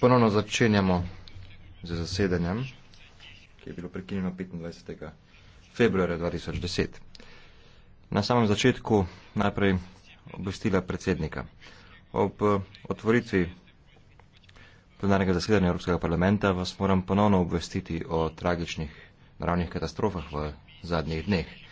Ponovno začenjamo z zasedanjem, ki je bilo prekinjeno 25. februarja 2010. Na samem začetku najprej obvestila predsednika. Ob otvoritvi plenarnega zasedanja Evropskega parlamenta vas moram ponovno obvestiti o tragičnih naravnih katastrofah v zadnjih dneh.